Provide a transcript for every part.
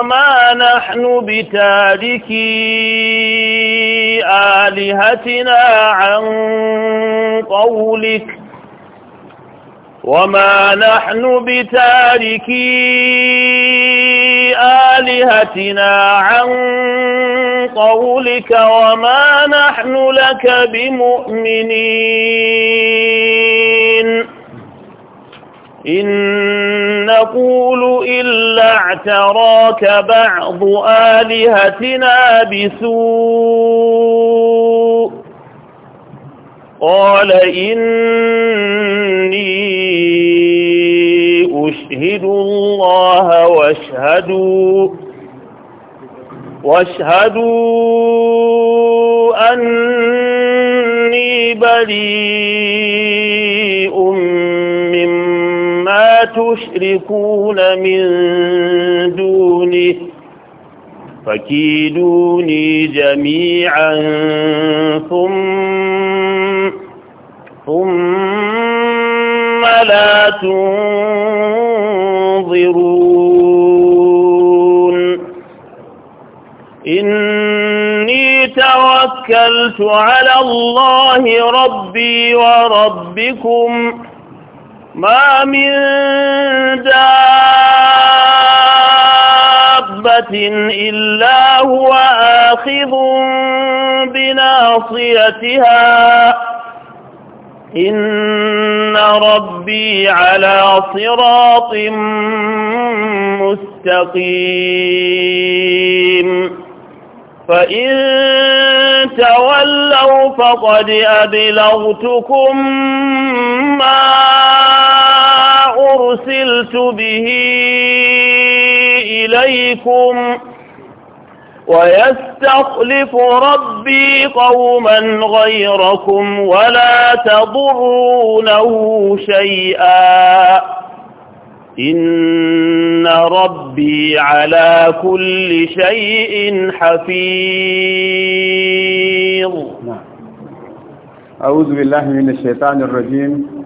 وما نحن بتارك آلهتنا عن قولك وما نحن بتارك آلهتنا عن قولك وما نحن لك بمؤمنين إن نقول إلا اعتراك بعض آلهتنا بسوء قال إني أشهد الله واشهدوا واشهدوا أني بريء تشركون من دونه فكيدوني جميعا ثم ثم لا تنظرون إني توكلت على الله ربي وربكم ما من دابة إلا هو آخذ بناصيتها إن ربي على صراط مستقيم فإن تولوا فقد أبلغتكم ما أرسلت به إليكم ويستخلف ربي قوما غيركم ولا تضرونه شيئا إن ربي على كل شيء حفيظ نعم. أعوذ بالله من الشيطان الرجيم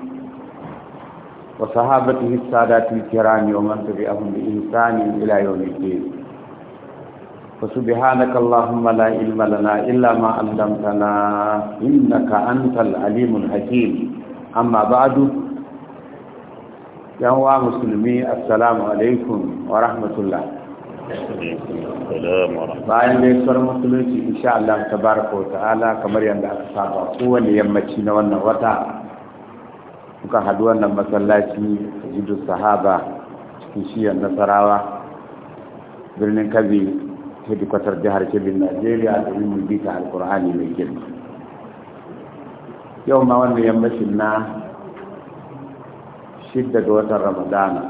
وصحابته السادات الكرام ومن تبعهم بإحسان إلى يوم الدين فسبحانك اللهم لا علم لنا إلا ما علمتنا إنك أنت العليم الحكيم أما بعد يا مسلمي السلام عليكم ورحمة الله bayan da yasuwar musulunci insha Allah tabaraka wa ta'ala kamar yadda aka saba kowane yammaci na wannan wata suka haɗu wannan masallaci jidu sahaba cikin shiyar nasarawa birnin kabi hedikwatar jihar kebin najeriya domin mu bi ta alkur'ani mai girma yau ma wannan yammacin na shidda ga watan ramadana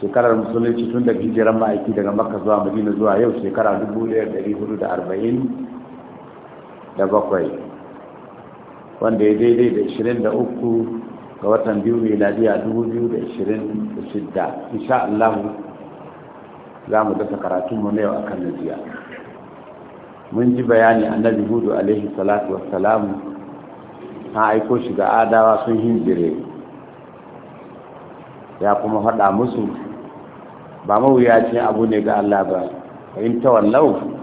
shekarar musulunci tun da hijiran ma'aiki daga makka zuwa madina zuwa yau shekara bakwai. wanda ya daidai da 23 ga watan biyu ladiya 2026 insha Allah za mu dasa karatunmu na yau akan najiya mun ji bayani annabi hudu alaihi salatu wassalamu ta aiko shi ga adawa sun hinjire ya kuma faɗa musu ba ce abu ne ga Allah ba in tawallau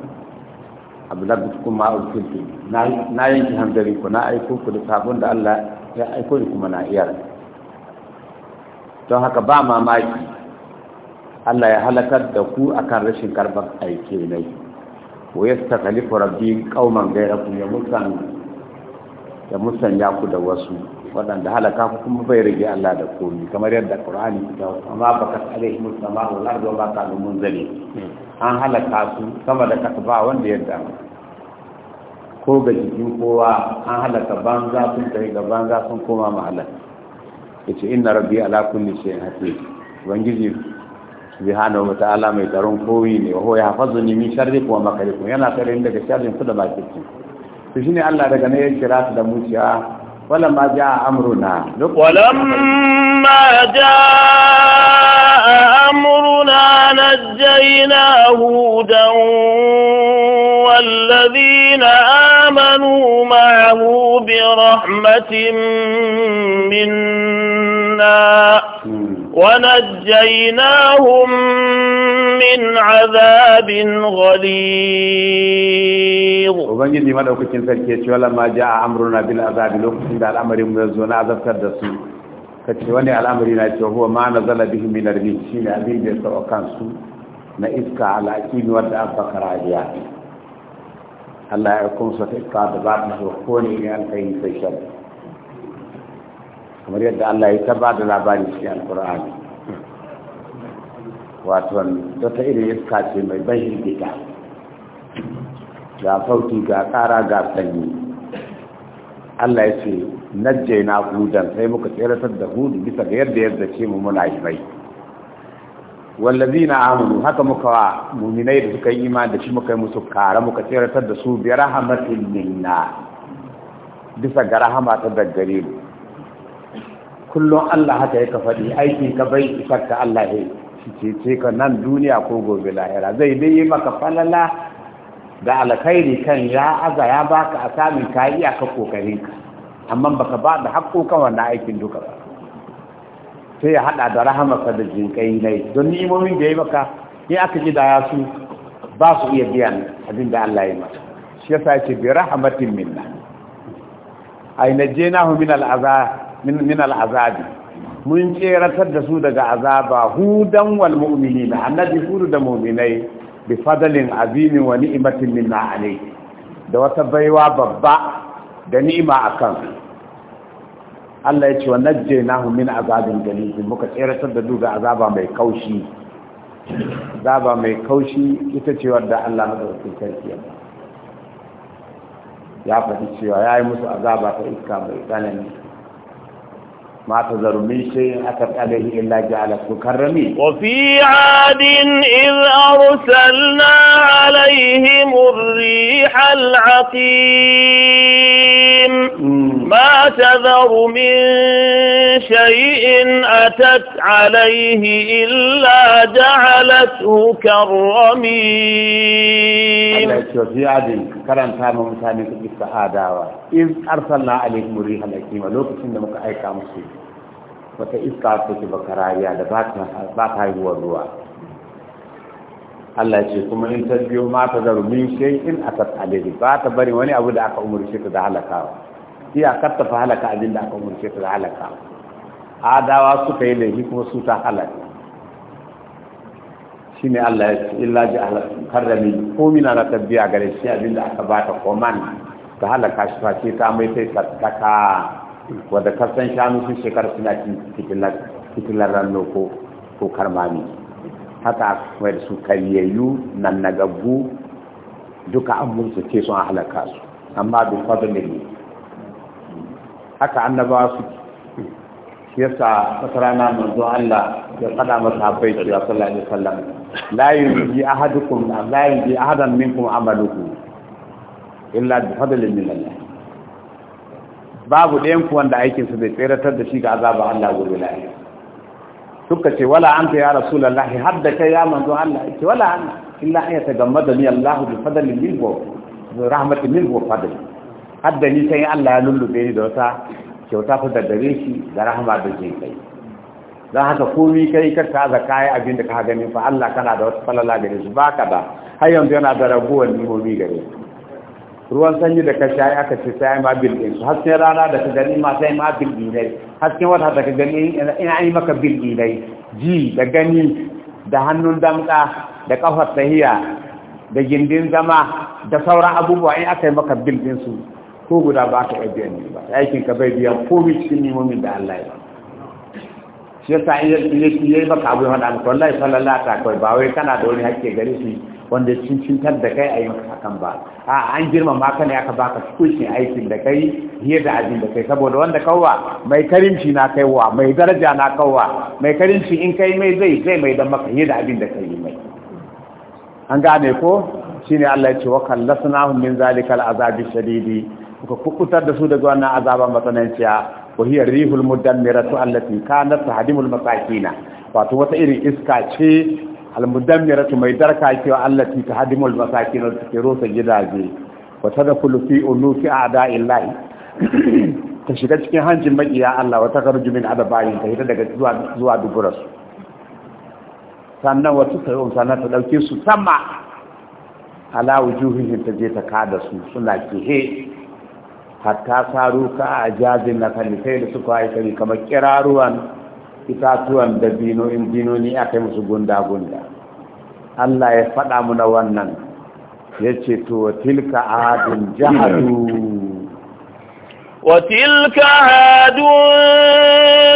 a ma ursiltu na yanki hanzari ku na aiko ku da sabon da Allah ya aiko ni kuma na iyar don haka ba mamaki Allah ya halakar da ku akan rashin karban aiki ne wa yastakhlifu rabbi qauman ghayrakum ya musan ya musan ku da wasu waɗanda halaka ku kuma bai rage Allah da komi kamar yadda Qur'ani ya kawo amma baka alaihi musamma wal ardu ba ka mun zali an halaka su sama da kasa ba wanda ya damu ko ga jikin kowa an halaka banza sun tafi ga banza sun koma mahalar yace inna rabbi ala kulli shay'in hafiz ubangiji subhanahu wa ta'ala mai tsaron koyi ne wa ya hafazu ni min sharri wa makarikum yana tsaron daga sharrin ku da bakin to shine Allah daga ne ya kira su da muciya ولما جاء أمرنا ولما جاء أمرنا نجينا هودا والذين آمنوا معه برحمة منا ونجيناهم من عذاب غليظ ubangiji madaukakin sarki ya ce wala ma jaa amruna bil azab lokacin da al'amarin mu zo na azabtar da su kace wani al'amari na ce huwa ma nazala bihi min arbi shine abin da ya kansu na iska ala akini wadda an fakara biya Allah ya kunsa ta iska da ba ta ko ne an kai sai shari'a kamar yadda Allah ya ta ba da labari cikin alkur'ani wato wata irin iska ce mai ban hirgita ga sauti ga ƙara ga sanyi Allah ya ce najjai na hudan sai muka tseratar da hudu bisa ga yadda yadda ce mu muna yi mai wallazi na amuru haka muka wa muminai da suka yi iman da shi muka yi musu kara muka tseratar da su bi rahamatin minna bisa ga rahama ta daggare mu kullum Allah haka ka faɗi aikin ka bai isar ka Allah ya shi ce ka nan duniya ko gobe lahira zai dai yi maka falala da alkhairi kan ya aza ya baka a samun ka iya ka kokarin ka amma baka ba da hakkokan wannan aikin duka ba sai ya hada da rahamarsa da jinkai yi. don ni'imomin da ya maka in aka ji da su ba su iya biyan abin da Allah ya mata shi yasa ce bi rahmatin minna ay najainahu min al'aza min al'azabi mun tseratar da su daga azaba hudan wal mu'minina annabi hudu da mu'minai bi fadalin azimi wa ni'matin minna alayhi da wata baiwa babba da ni'ima akan Allah ya ce wa najjaynahu min azabin galib muka tseratar da su daga azaba mai kaushi azaba mai kaushi ita ce wanda Allah madaukakin sarki ya ya faɗi cewa ya yi musu azaba ta iska mai tsanani ما تذر من شيء أتت عليه إلا جعلته كالرميم وفي عاد إذ أرسلنا عليهم الريح العقيم ما تذر من شيء أتت عليه إلا جعلته كالرميم وفي عاد كرم كان ممتعني في السعادة إذ أرسلنا عليهم الريح العقيم لو كنت مكأيك مسلم wata iska take baka rariya da ba ta haihuwar ruwa Allah ce kuma in ta biyo ma ta zaru min in atat alayhi ba ta bari wani abu da aka umarce ta da halakawa iya kar halaka abin da aka umarce ta da halakawa adawa suka yi laifi kuma su ta halaka ne Allah ya ce illa ji harami ko mina na tabbiya gare shi abin da aka ta koman ta halaka shi ce ta mai sai tattaka wadda kasan shanu sun shekara suna fitilar ranno ko ko karmami haka mai su karyayyu nan na gaggu duka an mulki ce sun halaka su amma da fadlin ne haka annabawa su yasa wata rana zuwa Allah ya faɗa masa habbai cewa sallallahu alaihi wasallam la yuji ahadukum la yuji ahadan minkum amalukum illa bi fadlin min babu ɗayan kuwan da aikinsu bai tseratar da shi ga azabar Allah gobe lafiya suka ce wala an anta ya rasulullahi har da kai ya manzo Allah ce wala ana illa an da ni Allah bi fadalin milbo wa rahmatin milbo fadali fadli har da ni sai Allah ya lullube ni da wata kyauta fa da shi da rahama da jin kai don haka komi kai ka kaza kayi abin da ka gani fa Allah kana da wata falala gare shi ka ba har yanzu yana da raguwar nimomi gare shi ruwan sanyi da ka shayi aka ce sai ma bil din su hasken rana da ka gani ma sai ma bil din dai hasken wata da ka gani ina yi maka bil din dai ji da gani da hannun damka da kafar tahiya da gindin zama da sauran abubuwa in aka yi maka bil din su ko guda ba ka iya biyan ba aikin ka bai biyan komai cikin nemomin da Allah ya shi yasa in yi maka abu yana da wallahi sallallahu ta kawai ba wai kana da wani hakke gare shi wanda cincintar da kai a yi maka hakan ba a an girmama ka ne aka baka cikin aikin da kai fiye da abin da kai saboda wanda kawwa mai karimci na kaiwa mai daraja na kawwa mai karimci in kai mai zai zai mai dan maka da abin da kai mai an gane ko shine Allah ya ce wa kallasnahum min zalikal azabi shadidi kuka kukutar da su daga wannan azaban matsananciya وهي rihul mudammiratu allati kanat hadimul na wato wata irin iska ce almudammiratu mai darka cewa ta tahdimul masakin da take rusa gidaje wa tadkhulu fi unuki a'da'illahi ta shiga cikin hancin makiya Allah wa takarju min adabayin ta hita daga zuwa zuwa duburas sannan wata tayo sannan ta dauke su sama ala wujuhihim ta je ta kada su suna kihe hatta saruka ajazin na kalifai da suka haifari kamar kiraruwan itatuwan da binoyin binoni aka musu gunda-gunda Allah ya faɗa muna wannan ya ce to tilka adun jahadu وتلك عاد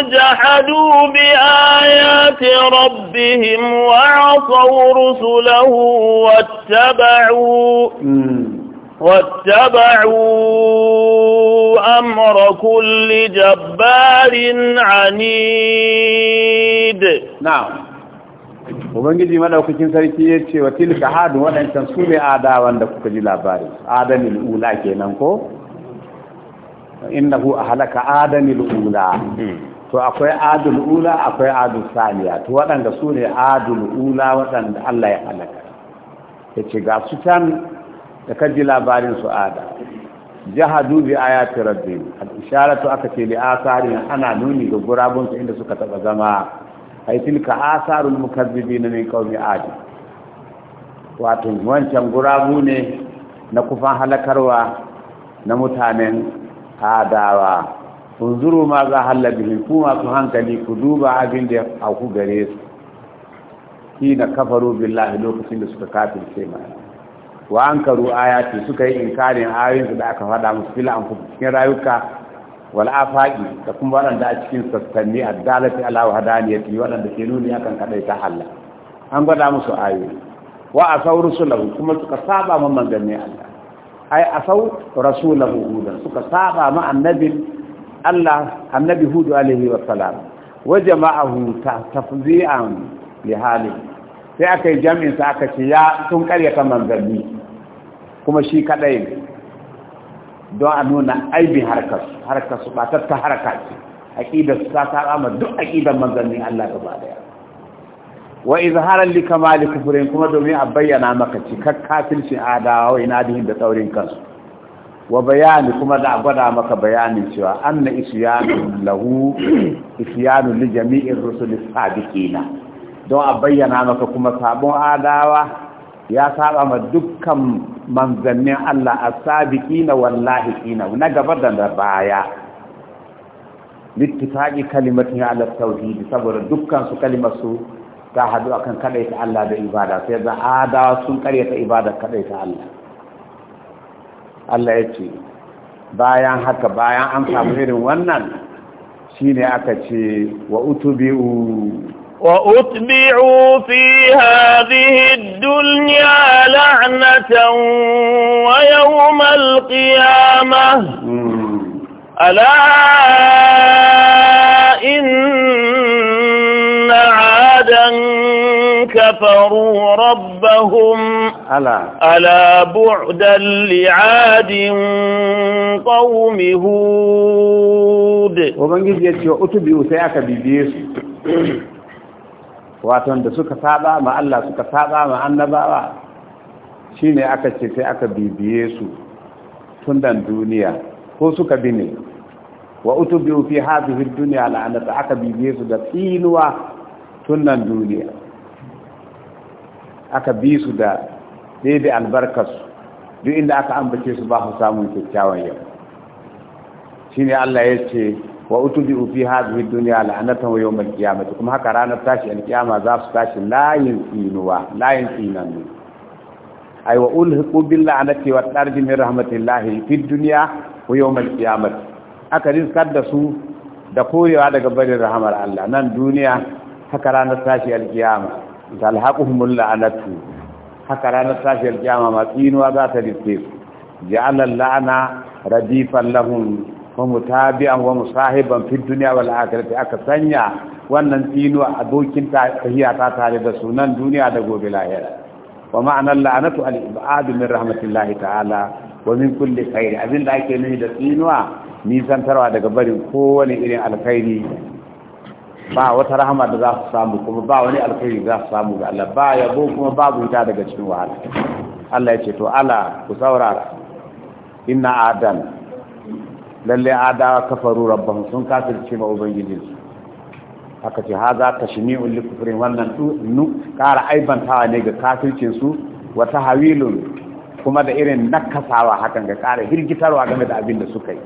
جحدوا بآيات ربهم وعصوا رسله واتبعوا واتبعوا أمر كل جبار عنيد نعم Ubangiji madaukakin sarki ya ce wa tilka hadin waɗancan su ne adawan da kuka ji labari adanil ula kenan ko Inda innahu ahlaka adanil ula to akwai adul ula akwai adul saniya to waɗanda su ne adul ula waɗanda Allah ya halaka ya ce ga su can da kaji labarin su ada jahadu bi ayati rabbihim al isharatu aka ce li a'sari ana nuni ga gurabun su inda suka taba zama ay tilka asarul mukazzibin min qaumi adi wato wancan gurabu ne na kufan halakarwa na mutanen adawa unzuru ma za halla ku masu hankali ku duba abin da ku gare su hina kafaru billahi lokacin da suka kafirce mana wa an karu ayati suka yi inkarin ayoyin da aka faɗa musu fil an cikin rayuka wal afaqi da kuma waɗanda a cikin sassanni addalati ala wahdaniyati waɗanda ke nuni akan kadai ta Allah an gwada musu ayoyi wa asaw rusulahu kuma suka saba ma manzanni Allah ai asaw rasulahu hudan suka saba ma annabi Allah annabi hudu alaihi wa salam wa jama'ahu tafzi'an li halihi sai aka yi jami'in sa aka ce ya sun karyata manzanni kuma shi kadai don a nuna aibin harkar harkar su batar ta harka ce aqidar su ta saba ma duk aqidar manzanni Allah gaba daya wa izharan li kamali kufrin kuma domin a bayyana maka kakkafin shi adawa wa inadihin da tsaurin kansu wa bayani kuma da gwada maka bayanin cewa anna isyanu lahu isyanu li jami'ir rusul sadiqina don a bayyana maka kuma sabon adawa ya saba ma dukkan manzannin Allah na wallahi ina na gaba da baya littifaqi kalimatin ala tauhid saboda dukkan su kalimar su ta hadu akan kadaita Allah da ibada sai da adawa sun karyata ibada kadaita Allah Allah ya ce bayan haka bayan an samu irin wannan shine aka ce wa utubi'u وأتبعوا في هذه الدنيا لعنة ويوم القيامة ألا إن عادا كفروا ربهم ألا, ألا بعدا لعاد قوم هود وبنجد يتشوء أتبعوا سيأك بيبيس waton da suka saba ma Allah suka saba ma annabawa shine aka ce sai aka bibiye su tun dan duniya ko suka bi ne wa utubiu fi hadhihi ad-dunya la'anata aka bibiye su da tsinuwa tun dan duniya aka bi su da daidai albarkas duk inda aka ambace su ba su samun kyakkyawan yau shine Allah ya ce wa utubi fi hadhihi dunya la'anatan wa yawm al-qiyamah kuma haka ranar tashi al-qiyama za su tashi layin tsinuwa layin tsinan ay wa ulhiqu bil la'nati wa tarji min rahmatillahi fi dunya wa yawm al-qiyamah aka rizkar da su da korewa daga barin rahmar Allah nan duniya haka ranar tashi al-qiyama talhaquhumul la'natu haka ranar tashi al-qiyama ma tsinuwa za ta rizke su ja'ala al-la'na radifan lahum wa mutabi'an wa musahiban fi dunya wal akhirati aka sanya wannan tinu abokin tahiya ta tare da sunan duniya da gobe lahira wa ma'anar la'anatu al ibad min rahmatillahi ta'ala wa min kulli khair abin da ake nufi da tinuwa nisantarwa daga ko wani irin alkhairi ba wata rahama da za su samu kuma ba wani alkhairi za su samu ga Allah ba yabo kuma babu ita daga cikin wahala Allah ya ce to ala ku saurara inna adan lalle adawa kafaru rabban sun kafirce ma su. aka ce haza tashmi'un li kufrin wannan nu kara aibantawa ne ga kafircin su wa tahawilun kuma da irin nakasawa hakan ga kara hirgitarwa game da abin da suka yi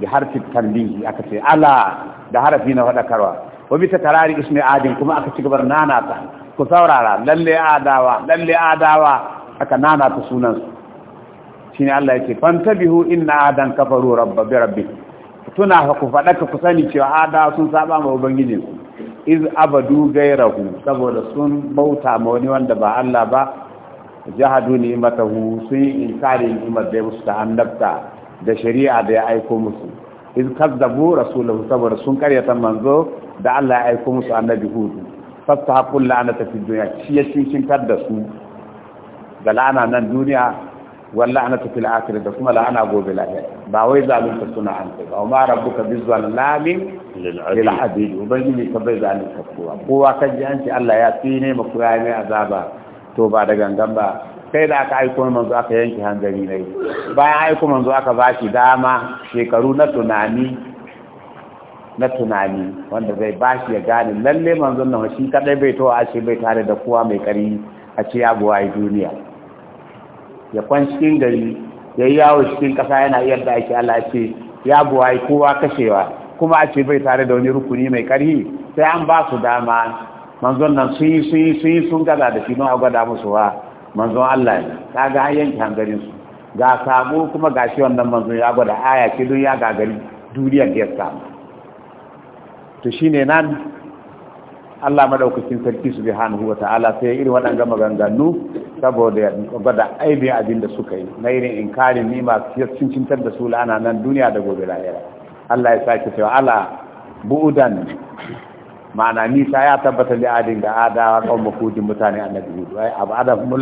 da harfi tanbihi aka ce ala da harafi na faɗakarwa. wa bi takrari ismi adin kuma aka ci gabar nanata ku saurara lalle adawa lalle adawa aka nanata sunan su ne Allah ya ce fantabihu inna adan kafaru rabba bi rabbi tuna ku faɗaka ku sani cewa ada sun saba ma ubangijin iz abadu gairahu saboda sun bauta ma wani wanda ba Allah ba jahadu matahu sun yi inkari ni'mat da musu ta annabta da shari'a da ya aiko musu iz kazzabu rasulahu saboda sun karyata manzo da Allah ya aiko musu annabi hudu haƙulla ana tafi duniya shi ya cikin da su da la'ana nan duniya Wallan ana tafi la'asirin da kuma la'an ana gobe la'asirin ba wai zamun suna hancin ba o ma ka bi zuwa lallami. Lila abiyyi. Lila abiyyi ka bai zaani kowa, kowa kan je an Allah ya tsene ma ku ya yi min azaba to ba da gan ba kai da aka aiko man so aka yanke hanzani ne bayan aiko man so ba shi dama shekaru na tunani wanda zai bashi ya gane lalle man so nama shi kadai bai taure ashe bai tare da kowa mai ƙari a ci yago a ye duniya. ya kwan cikin gari ya yi yawo cikin ƙasa yana iya da ake Allah ce ya yi kowa kashewa kuma a ce bai tare da wani rukuni mai ƙarfi sai an ba su dama manzon nan sun yi sun yi sun yi sun gaza da shi don a gwada musu wa manzon Allah ne ka ga an yanke hangarin su ga samu kuma ga shi wannan manzon ya gwada aya ce don ya gagari duniyar da ya samu to shine nan Allah madaukakin sarki subhanahu ta'ala sai irin waɗanga maganganu saboda ya gwada aibin abin da suka yi na irin inkarin nima cin cintar da su la'ana nan duniya da gobe lahira Allah ya sake cewa ala bu'udan ma'ana nisa ya tabbata da adin da adawa kawai makudin mutane annabi hudu ai abu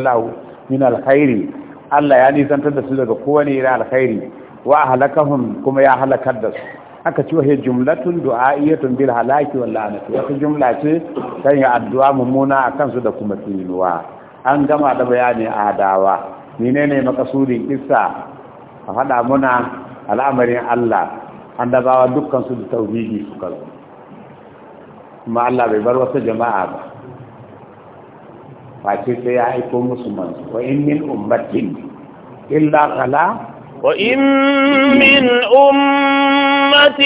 min alkhairi Allah ya nisantar da su daga kowane irin alkhairi wa halakahum kuma ya halakar da su aka ce wahe jumlatun du'a'iyatun bil halaki wal la'nati wata jumla ce kan yi addu'a mummuna a kansu da kuma tsinuwa an gama da bayani a hadawa menene makasudin kissa a faɗa muna al'amarin Allah bawa dukkan su da tauhidi su kalu kuma Allah bai bar wata jama'a ba face sai ya aiko musu manzo wa in min ummatin illa khala wa in min ummatin أمة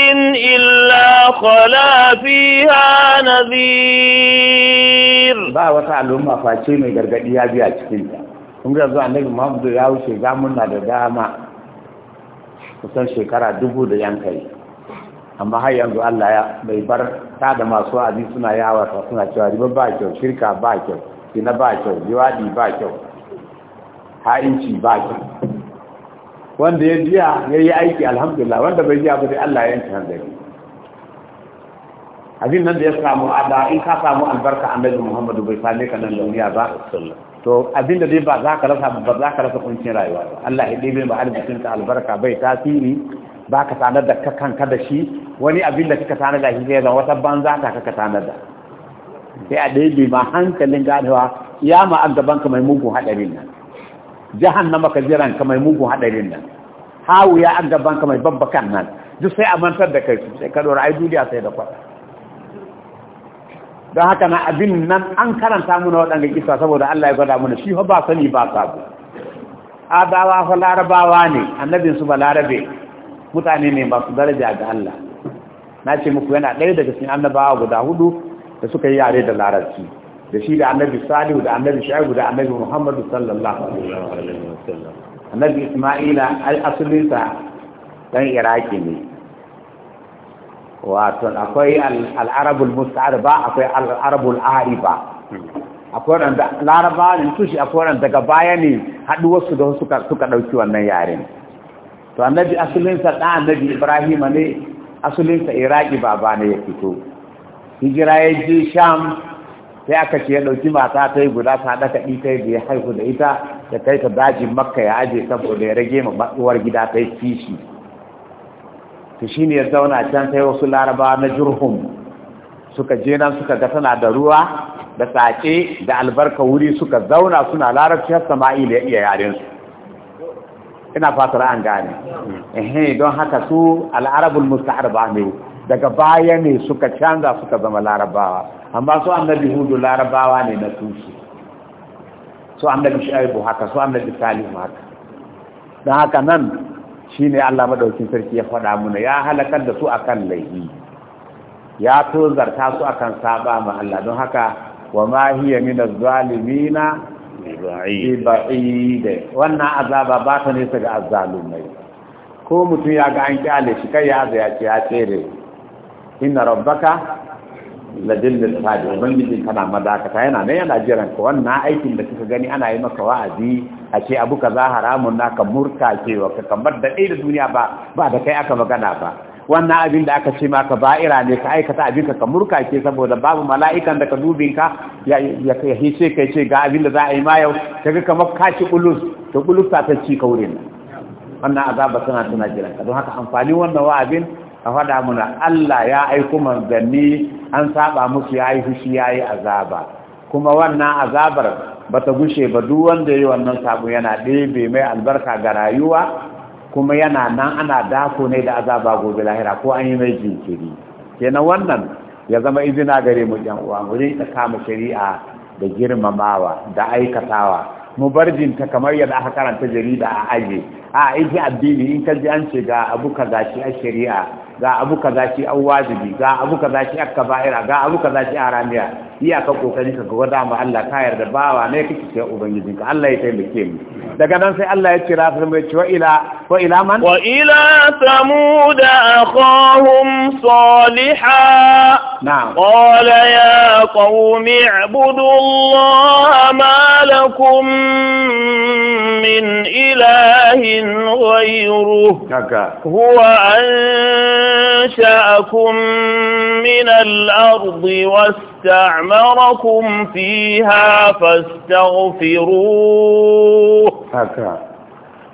إلا خلا فيها نذير با وتا الأمة فاشي مي غرغدي يا بيا cikin ta kun ga zuwa annabi Muhammadu ya wuce ga muna da dama kusan shekara dubu da yankai amma har yanzu Allah ya bai bar ta da masu wa'azi suna yawa suna cewa riba ba kyau shirka ba kyau ba kyau jiwadi ba kyau ha'inci ba kyau wanda ya jiya ya yi aiki alhamdulillah wanda bai jiya ba sai Allah ya yanke hanzari abin nan da ya samu ada in ka samu albarka annabi Muhammadu bai same ka nan duniya ba to abin da dai ba za ka rasa ba za ka rasa kuncin rayuwa ba Allah ya dibe ba arzikin ka albarka bai tasiri ba ka tanar da ka kanka da shi wani abin da kika tanar da shi zai zama wata banza ta kaka tanar da sai a ɗebe ma hankalin ganewa ya ma a gaban ka mai mugun haɗarin nan jahannama ka jiran ka mai mugun hadarin nan ya an gaban ka mai babbakan nan duk sai a mantar da kai su sai ka dora ai duniya sai da kwata don haka na abin nan an karanta muna waɗanda kisa saboda Allah ya gwada muna shi ba sani ba sabu adawa fa larabawa ne annabin su ba larabe mutane ne masu daraja ga Allah na ce muku yana ɗaya daga cikin annabawa guda hudu da suka yi yare da larabci da shi da annabi salihu da annabi shu'aibu da annabi muhammadu sallallahu alaihi wasallam annabi isma'ila al-aslinsa dan iraki ne wato akwai Al'arabul arabul musta'arba akwai Al'arabul arabul ariba akwai wanda laraba ne su shi akwai wanda daga baya ne wasu da suka suka dauki wannan yaren to annabi asalinsa da annabi ibrahim ne asulinsa iraki baba ne ya fito hijira ya je sham sai aka ce ya ɗauki mata ta yi guda ta haɗa kaɗi da ya haihu da ita da kai ta dajin makka ya aje saboda ya rage ma matsuwar gida ta yi kishi ta shi ne ya zauna can sai wasu larabawa na jurhum suka je nan suka ga tana da ruwa da tsace da albarka wuri suka zauna suna larabci har da ya iya yaren su ina fatar an gane ehe don haka su al'arabul musta'arba ne daga baya ne suka canza suka zama larabawa amma su annabi hudu larabawa ne na tusu, su annabi shaibu haka su annabi salihu haka don haka nan shi ne allah maɗaukin sarki ya faɗa muna ya halakar da su akan laifi ya tozarta su akan saba ma allah don haka wa ma hiya mina zalimina ibaide wannan azaba ba ta nesa ga azzalumai ko mutum ya ga an kyale shi kai ya ya ce ya tsere inna rabbaka ladin sadi ubangiji kana madakata yana nan yana jiran ka wannan aikin da kika gani ana yi maka wa'azi a ce abu ka za haramun naka murta wa ka kamar da ɗaya da duniya ba ba da kai aka magana ba wannan abin da aka ce maka ba'ira ne ka aikata abin ka murka ce saboda babu mala'ikan da ka dubin ka ya hice kai ce ga abin da za a yi ma yau kaga kamar ka ci kulus to kulus ta ta ci kaurin wannan azaba tana tana jiran ka don haka amfani wannan wa'azin a faɗa muna Allah ya aiko manzanni an saba musu ya yi fushi ya yi azaba kuma wannan azabar ba ta gushe ba duk wanda ya yi wannan sabu yana ɗebe mai albarka ga rayuwa kuma yana nan ana dako ne da azaba gobe lahira ko an yi mai jinkiri kenan wannan ya zama izina gare mu yan uwa mu rinka kama shari'a da girmamawa da aikatawa mu bar jinta kamar yadda aka karanta jarida a aje a aiki addini in ka ji an ce ga abu kaza shi a shari'a ga abu kaza shi an wajibi ga abu kaza shi akka ba'ira ga abu kaza shi haramiya iyaka kokari ka gwada ma Allah ka yarda bawa ne kake ce ubangijin ka Allah ya taimake mu daga nan sai Allah ya kira su mai cewa ila wa ila man wa ila samud akhahum saliha na'am qala ya qaumi ibudu ma lakum من إله غيره هو أنشأكم من الأرض واستعمركم فيها فاستغفروه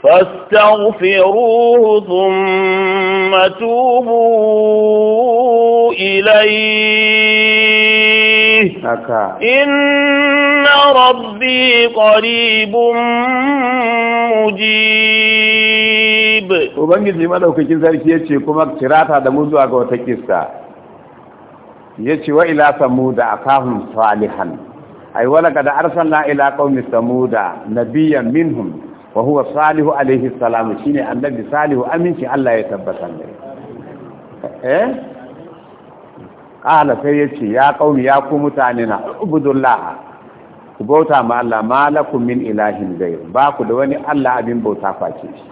فاستغفروه ثم توبوا إليه إن ربي قريب مجيب Ubangiji madaukakin sarki ya ce kuma kirata da mu ga wata kista ya ce wa ila samuda a kahun salihan ai wala kada arsalna ila qaumi samuda nabiyyan minhum wa huwa salihu alaihi salamu shine annabi salihu aminci Allah ya tabbatar da eh qala sai yace ya qaumi ya ku mutane na ubudullah ku bauta ma Allah malakum min ilahin ghayr ba ku da wani Allah abin bauta face shi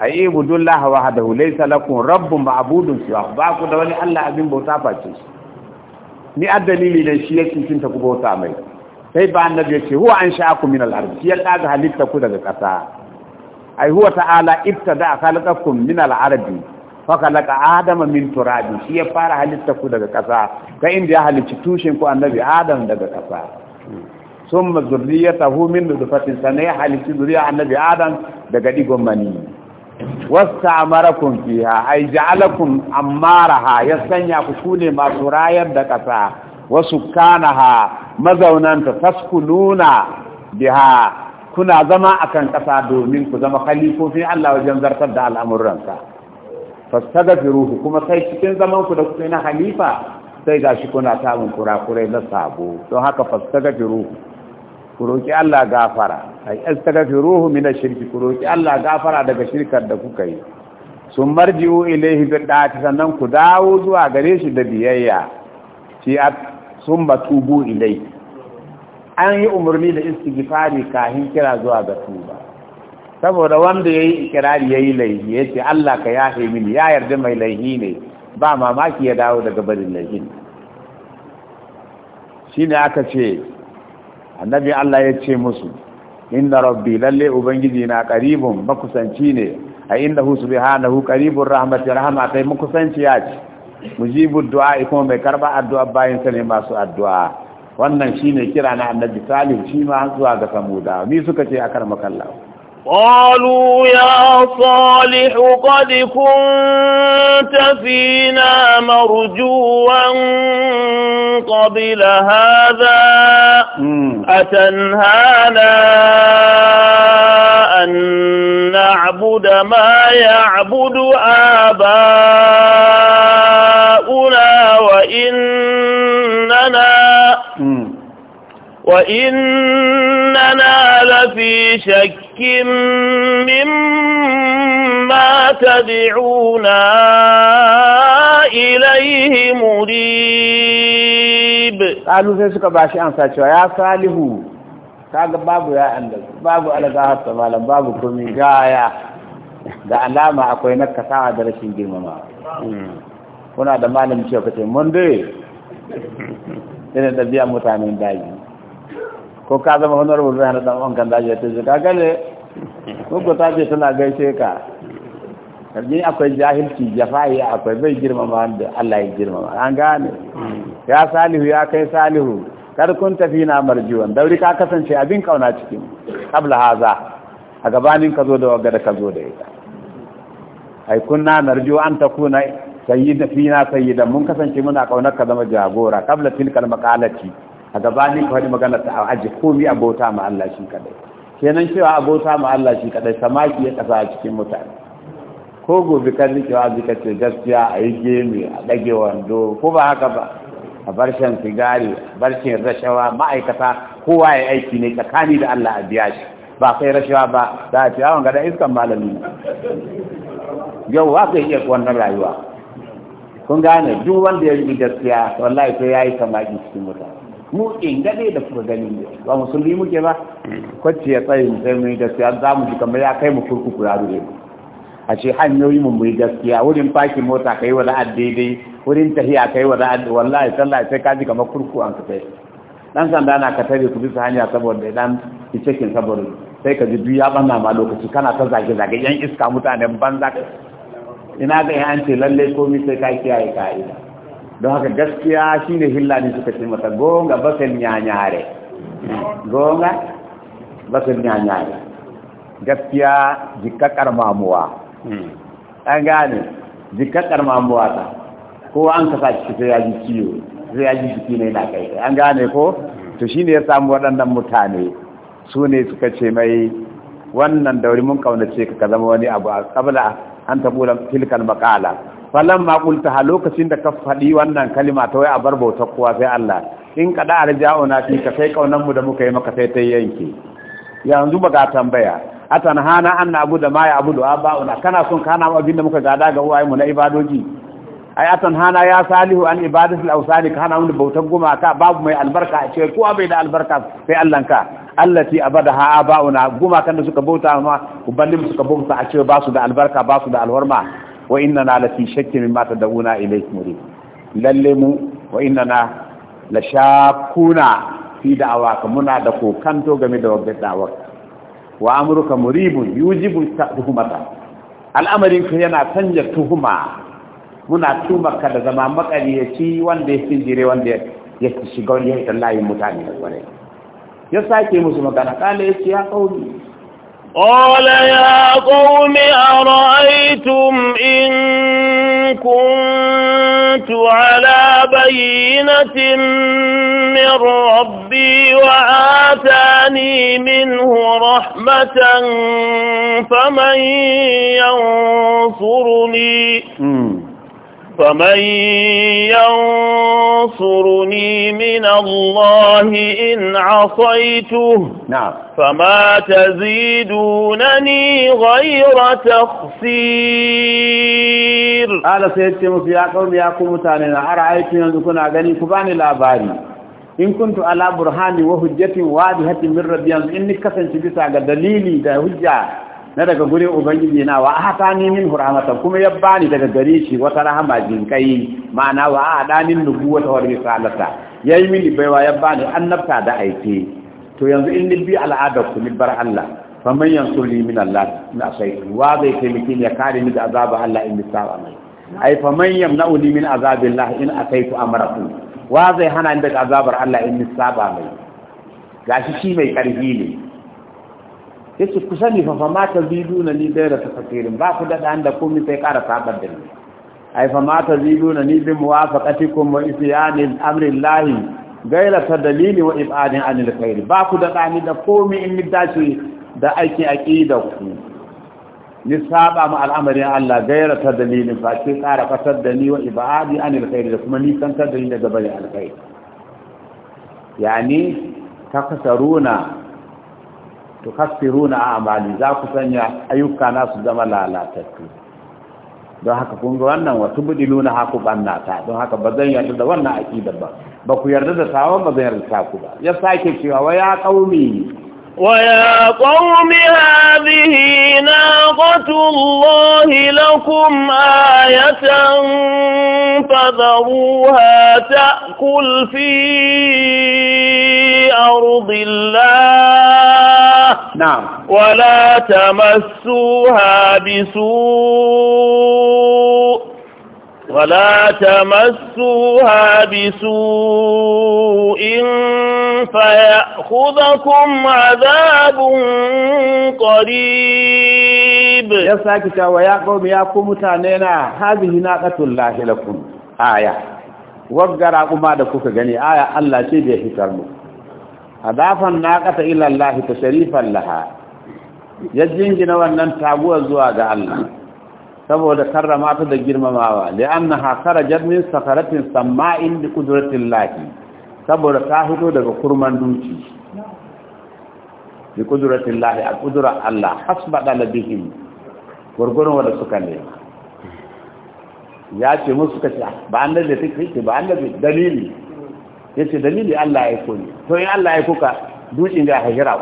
ayi ubudullah wahdahu laysa lakum rabbun ma'budun siwa ba ku da wani Allah abin bauta face shi ni addalili ne shi yake kinta ku bauta mai sai ba annabi yace huwa an sha'aku min al shi ya daga halitta ku daga kasa ai huwa ta'ala ibtada khalaqakum min al-arab fa khalaqa adama min turab shi ya fara halitta ku daga kasa kai inda ya halicci tushen ku annabi adam daga kasa ya zurriyatahu min nutfatin sanai halicci zuriya annabi adam daga digon mani wasta'amarakum fiha ay amma raha, ya sanya ku kune masu rayar da ƙasa. wasu kanaha mazaunanta taskununa biha kuna zama akan ƙasa domin ku zama khalifofin Allah wajen zartar da al'amuransa fastagfiruhu kuma sai cikin zaman ku da kuke na Khalifa sai gashi kuna samun kurakurai na sabo don haka fastagfiruhu ku roki Allah gafara ai astagfiruhu min ash-shirki ku roki Allah gafara daga shirkar da kuka yi sun marji'u ilaihi bi da'ati sannan ku dawo zuwa gare shi da biyayya ci sun tubu ilai an yi umarni da istighfari kahin kira zuwa ga tuba saboda wanda ya yi ikirari yayi laifi yace Allah ka yafe mini ya yarda mai laifi ne ba mamaki ya dawo daga barin laifin shine aka ce annabi Allah ya ce musu inna rabbi lalle ubangiji na karibun makusanci ne a inda hu subhanahu qaribur rahmati rahmatai makusanci ya ce mujibu du'a kuma mai karba addu'a bayan sa ne masu addu'a wannan shine kira na annabi salim shi ma zuwa ga samuda ni suka ce akar makallahu قالوا يا صالح قد كنت فينا مرجوا قبل هذا أتنهانا أن نعبد ما يعبد آباؤنا وإننا وإننا لفي شك شك مما تدعونا إليه مريب قالوا sai suka bashi amsa cewa ya salihu kaga babu ya Allah babu algahar malam babu komai gaya da alama akwai na kasawa da rashin girmama kuna da malam cewa kace mun dai da ɗabi'a mutanen daji ko ka zama honorable wurin hana ɗan'uwan daji ta ce kaga ne ko ta ce suna gaishe ka karbi akwai jahilci jafa'i akwai bai girmama wanda Allah ya girmama an gane ya salihu ya kai salihu kar kun tafi na marjiwan dauri ka kasance abin kauna cikin kabla haza a gabanin ka zo da wagga da ka zo da ita ai kunna narju an takuna sayyida fina sayyidan mun kasance muna kaunar ka zama jagora kabla tilkal maqalati a gabanin ka wani magana ta a aji komi a bauta ma Allah shi kadai kenan cewa a bauta ma Allah shi kadai samaki ya kasa a cikin mutane ko gobe kan rike wa zika ce gaskiya a yi gemi a ɗage wando ko ba haka ba a barshen sigari a barshen rashawa ma'aikata kowa ya aiki ne tsakani da Allah a biya shi ba kai rashawa ba za a ce yawon ah, gada iskan malami yau wa iya wannan rayuwa kun gane duk wanda ya yi gaskiya wallahi sai ya yi samaki cikin mutane mu ingade da furgani ba musulmi muke ba kwacce ya tsaye mu sai mu yi gaskiya za mu ji kamar ya kai mu kurkuku ya rure mu a ce hanyoyi mu gaskiya wurin fakin mota kai wa la'ad daidai wurin tahiya kai wa la'ad wallahi sallah sai ka ji kamar kurkuku an ka kai dan sanda na ka tare ku bisa hanya saboda dan cikin saboda sai ka ji duk ya banna ma lokaci kana ta zage zage yan iska mutanen banza ina ga an ce lalle komai sai ka kiyaye ka'ida don haka gaskiya shine hillani suka ce mata gonga basan yanyare gonga basan nyanyare gaskiya jikakar mamuwa an gane jikakar mamuwa ta ko an kasa ciki sai ya ji ciwo sai ya ji jiki ne na kai an gane ko to shine ya samu waɗannan mutane su ne suka ce mai wannan dauri mun kaunace ka zama wani abu a tsabla an taɓula tilkan makala falan ma ha lokacin da ka faɗi wannan kalima ta wai a bar bauta kowa sai Allah in arja'u na fi ka sai kaunan mu da muka yi maka sai ta yanke yanzu ba ga tambaya hana anna abu da mai abu da na kana son kana abin da muka gada ga uwaye mu na ibadoji ai hana ya salihu an al awsani kana wanda goma gumaka babu mai albarka a ce ko bai da albarka sai Allah ka allati abadaha abauna gumakan da suka bauta ma ubannin suka bauta a ce ba su da albarka ba su da alwarma wa lafi shakki fi mata da wuna ile muri? lalle mu wa na la shakuna fi ka muna da kokanto game da wagga da'awar wa amruka muribun yujibu tuhumata al'amarin ka yana canja tuhuma muna tumarka da zama makariyaci wanda ya jire wanda ya shiga wani ya layin mutane da kwarai ya sake musu magana kala ya ce ya kauri قال يا قوم أرأيتم إن كنت على بينة من ربي وآتاني منه رحمة فمن ينصرني فمن ينصرني من الله إن عصيته نعم فما تزيدونني غير تخسير قال سيدكم في عقوم يقوم تانينا أرأيتنا أن تكون أغني لا الأباري إن كنت على برهاني وهجتي واضحة من ربي إنك كسن شبسا دليلي دا هجة na daga gure ubangiji na wa ata ni min rahmatan kuma ya bani daga gare shi wata rahama jin kai ma'ana wa ada ni nubuwata wal Ya yi min baiwa ya bani annabta da aiki. to yanzu in libbi al'adar ku bar Allah fa man ni min Allah na sai wa zai taimake ni ya kare ni da azabu Allah in misaba mai ai fa man yamna'uni min azabillah in ataitu amraku wa zai hana ni daga azabar Allah in misaba mai gashi shi mai karfi ne yace ku sani fa ma ta ziduna ni da tafsirin ba ku da dan da komai sai ƙara sabar da ni ai fa ma ta ziduna ni bi muwafaqatikum wa isyanil amri llahi gaira ta dalili wa ibadin anil khair ba ku da dani da komai in mi dace da aiki aqida ku ni saba ma al'amarin Allah gaira ta dalilin fa ce ƙara fatar da ni wa ibadi anil khair da kuma ni san ta dalilin daga bari alkhair yani takasaruna to kasfiruna a'mali za ku sanya ayyuka na su zama lalatattu don haka kun ga wannan wa nuna haku bannata. don haka ba zan yarda da wannan aqida ba ba ku yarda da tawon ba zan yarda ta ku ba ya sake cewa wa ya qaumi ويا قوم هذه ناقة الله لكم آية فذروها تأكل في أرض الله نعم ولا تمسوها بسوء ولا تمسوها بسوء فيأخذكم عذاب قريب يساك ويا قوم يا قوم تانينا هذه ناقة الله لكم آية وقرا قما da kuka gani aya Allah ce bai fitar mu adafan naqata ila Allah tashrifan laha yajin gina wannan tabuwar zuwa ga Allah saboda karrama ta da girmamawa li'annaha kharajat min sakaratin sama'in bi lahi, saboda ta hito daga kurman duci bi lahi a qudrat Allah hasba bihim gurgurun wanda suka nema ya ce musu ce ba annabi da take ba annabi dalili ce dalili Allah ya koyi to in Allah ya kuka dukin ga hajira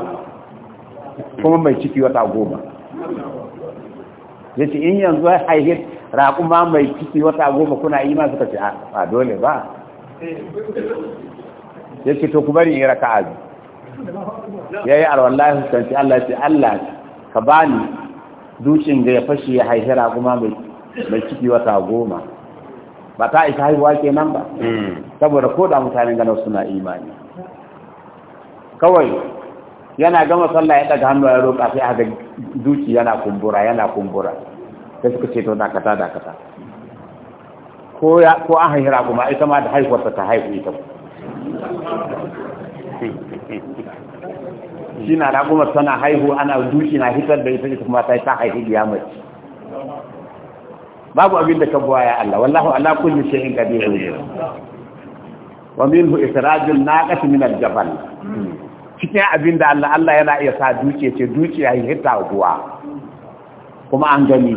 kuma mai ciki wata goma ya ce in yanzu ya haihe raƙuma mai ciki wata goma kuna yi masu suka ah, a dole ba ya ce to ku bari in raka azu ya yi arwallahi hussanci Allah ce Allah ka bani dukin da ya fashe ya haihe raƙuma mai ciki wata goma ba ta isa haihuwa ke nan ba hmm. saboda ko da mutanen gano suna imani kawai yana gama sallah ya daga hannu ya roƙa sai aka zuci yana kumbura yana kumbura sai suka ce to dakata dakata ko ya ko an hira kuma ita ma da haihuwarta ta haihu ita shi na da kuma tana haihu ana zuci na hitar da ita ita kuma ta ta haihu ya mace babu abin da ka buwa ya Allah wallahu ala kulli shay'in qadir wa minhu israjul naqati min al-jabal cikin abin da Allah Allah yana iya sa dukiya ce dukiya ya hita guwa kuma an gani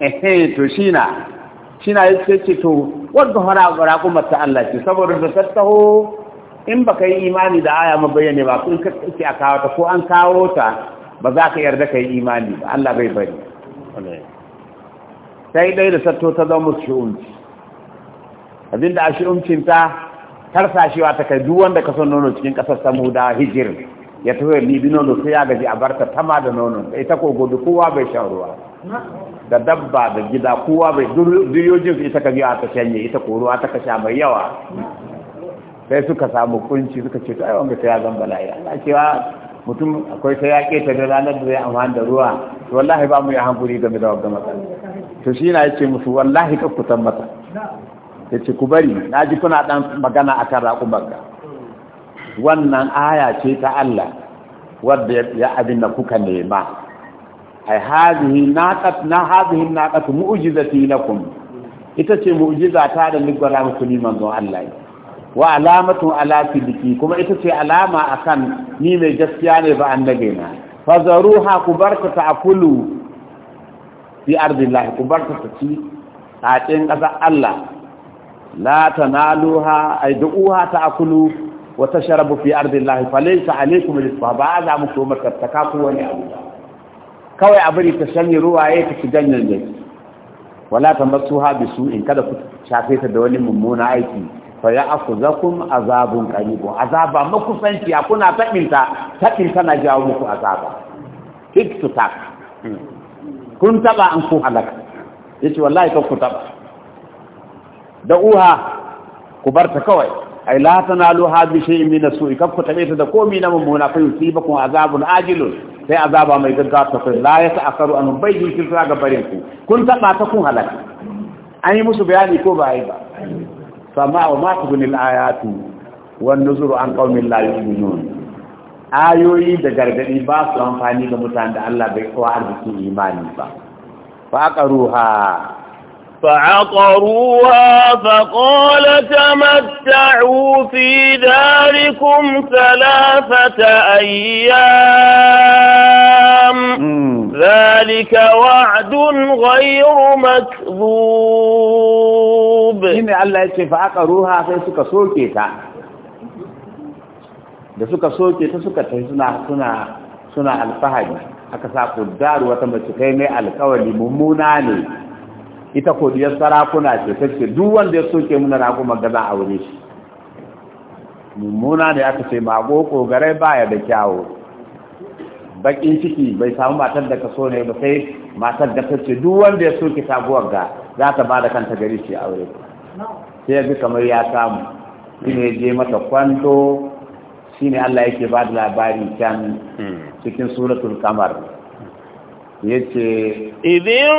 ehe to shi na shi na yace ce to wanda hana gura kuma ta Allah ce saboda da tattaho in baka yi imani da aya ma bayyane ba kun ka ce a kawo ta ko an kawo ta ba za ka yarda ka yi imani ba Allah bai bari sai dai da satto ta zama shi'unci abinda a shi'uncin ta tarsashewa ta kai duk ka son nono cikin kasar samuda hijirin ya taho ya libi nono sai ya gaji a barta tama da nono ita ko gobe kowa bai shan ruwa da dabba da gida kowa bai duyojin su ita ka biya ta shanye ita ko ruwa ta ka sha mai yawa sai suka samu kunci suka ce ai wanga ta ya zan bala'i Allah cewa ah, mutum akwai sai ya keta da ranar da zai amfani da ruwa to wallahi ba mu ya hankuri game da wannan matsala to shi na yace musu wallahi ka kutan mata ya ce ku bari na ji kuna ɗan magana a kan raƙubar ga wannan aya ce ta Allah wadda ya abin da kuka nema ai hazihi naqat na hazihi mu'ujiza mu'jizati lakum ita ce mu'ujiza ta da nigwara muku ni manzon Allah wa alamatun ala sidiki kuma ita ce alama akan ni mai gaskiya ne ba annabi na fazaruha kubarta ta'kulu fi ardillahi kubarta ta ci a cikin ƙasar Allah la tanaluha ay du'uha ta'kulu wa tashrabu fi ardillahi falaysa alaykum al-isfa ba za mu so maka takaku wani abu kawai a bari ta shanye ruwaye ta ci ganyen ne wala su in kada ku shafe ta da wani mummuna aiki fa ya'khuzakum azabun qaribun azaba makusanci kuna tabinta tabinta na jawo muku azaba hiktu tak kun taba an ku halaka yace wallahi kan ku taba da uha ku barta kawai ai la tanaluha bi shay'in min sui kaf ku tabe ta da komi na mummuna fa yusibakum azabun ajilun sai azaba mai gaggawa ta la ya ta'akaru an bai kin sa ga bare ku kun taba ta kun halaka an yi musu bayani ko ba yi ba sama wa ma tukunil ayatu wan nuzuru an qaumin la yu'minun ayoyi da gargadi ba su amfani ga mutanen da Allah bai kawo arziki imani ba fa aqaruha فعقروها فقال تمتعوا في داركم ثلاثة أيام ذلك وعد غير مكذوب إن الله يقول فعقروها في سكة سوكيتا في سكة سوكيتا سكة سنة سنة سنة الفهج أكساكو الدار وتمتقيني القول ممونا لي ita ko diyar sarakuna ce ta duk wanda ya soke muna na kuma gaza a aure shi mummuna ne aka ce mago kogarai baya da kyawo bakin ciki bai samu matar da ka so ne ba sai matar da ta duk wanda ya soke taguwar ga za ta ba da kanta gari shi aure sai ya bi kamar ya samu shi ya je mata kwanto shine ne Allah yake ba da labari can hmm. cikin suratul kamar yace idin